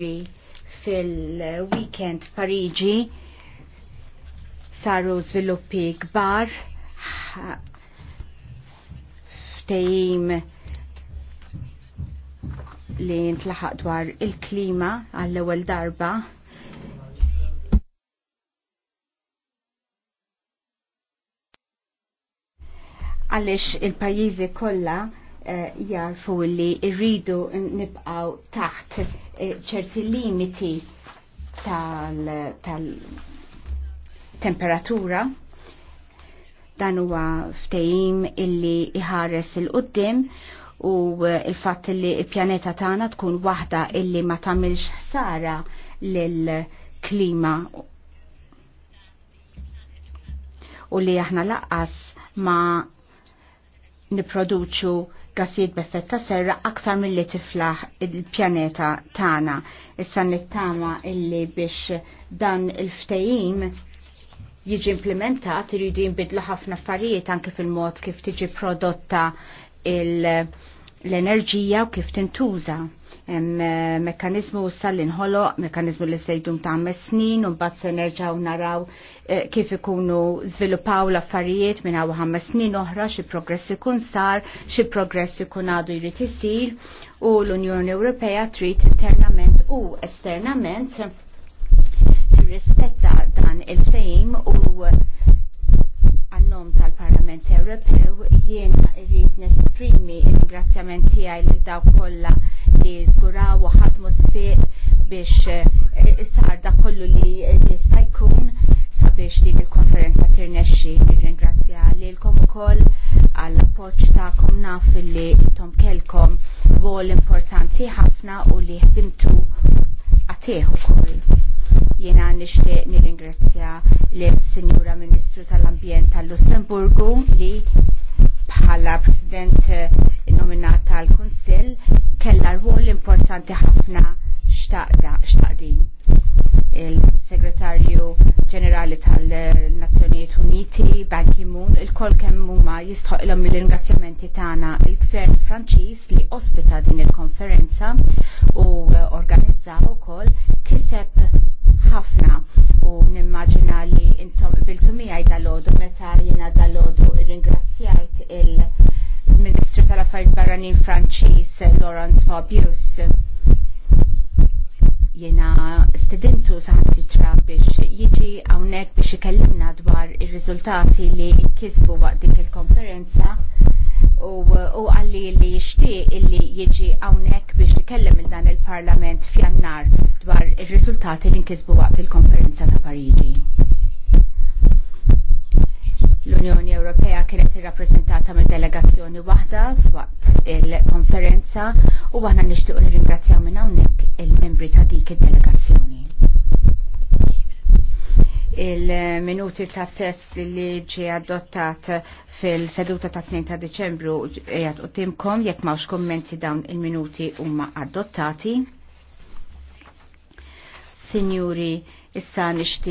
fil-weekend Parigi saru sviluppi kbar ftejim li ntlaħaq dwar il-klima għall-ewwel darba għaliex il-pajjiżi kollha Eh, jarfu li rridu nibqaw taħt eh, ċerti limiti tal-temperatura dan huwa ftehim illi iħares il-qoddim u eh, il-fatt li il-pjaneta tagħna tkun waħda illi ma tagħmilx ħsara lill-klima u li aħna laqqas ma niproduċu gassijiet b'effett ta' serra aktar mill-li tiflaħ il-pjaneta tagħna. Issa nittama illi biex dan il-ftejim jiġi implementat iridu jinbidlu ħafna affarijiet anke fil-mod kif tiġi prodotta il- l-enerġija u kif tintuża. Eh, mekkanizmu sal inħoloq, mekkanizmu li sejdum ta' snin, un bat se nerġaw naraw eh, kif ikunu zviluppaw l-affarijiet minn għaw ħammes snin oħra, xi progress ikun sar, xi progress ikun għadu jrid isir, u l-Unjoni Ewropea trid internament u esternament rispetta nesprimi il-ringrazzjament tiegħi lil dawk kollha li zguraw u ħadmu sfiq biex eh, sar da kollu li jista' jkun sabiex din il-konferenza tirnexxi. Nirringrazzja lilkom ukoll għall appoġġ tagħkom naf li intom kelkom rwol importanti ħafna u li ħdimtu għatih ukoll. Jiena nixtieq nirringrazzja lill-Sinjura Ministru tal-Ambjent tal-Lussemburgu li bħala President eh, nominat tal-Kunsill kella rwol importanti ħafna xtaqdin. Il-Segretarju Ġenerali tal-Nazzjonijiet Uniti, Ban Ki-moon, il-kol kemm huma jistħoqilhom mill ringrazzjamenti tagħna il-Gvern Franċiż li ospita din il-konferenza u eh, organizza ukoll kiseb ħafna u nimmaġina li intom biltu miħaj meta jina dalodu l-affarijiet barranin Franċiż Laurence Fabius jena stedintu saħsitra biex jiġi għawnek biex ikellimna dwar il-rizultati li nkisbu waqt dik il-konferenza u għalli li jishtiq illi jiġi għawnek biex ikellem il-dan il-parlament fjannar dwar il-rizultati li nkisbu waqt il-konferenza ta' Parigi. L-Unjoni Ewropea kienet irrappreżentata minn delegazzjoni waħda f'waqt il-konferenza u aħna nixtiequ nirringrazzjaw minn hawnhekk il-membri ta' dik id-delegazzjoni. Il-minuti ta' test li ġie adottat fil-seduta ta' 2 ta' Deċembru qiegħed qudiemkom jekk m'hawnx kummenti dawn il-minuti huma adottati. Signuri, issa nixtieq